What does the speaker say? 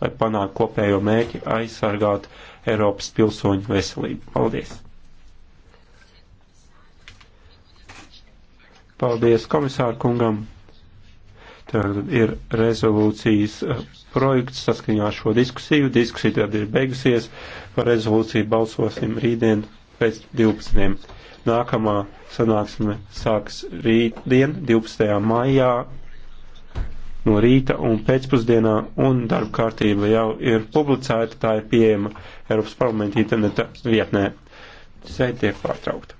lai panāktu kopējo mērķi aizsargāt Eiropas pilsoņu veselību. Paldies! Paldies komisāru kungam! Tagad ir rezolūcijas eh, projekts saskaņā ar šo diskusiju. Diskusija tad ir beigusies. Par rezolūciju balsosim rītdien pēc 12. Nākamā sanāksme sāks rītdien, 12. maijā, no rīta un pēcpusdienā, un darba kārtība jau ir publicēta, tā ir pieejama Eiropas parlamenta interneta vietnē. Sēdi tiek pārtraukta.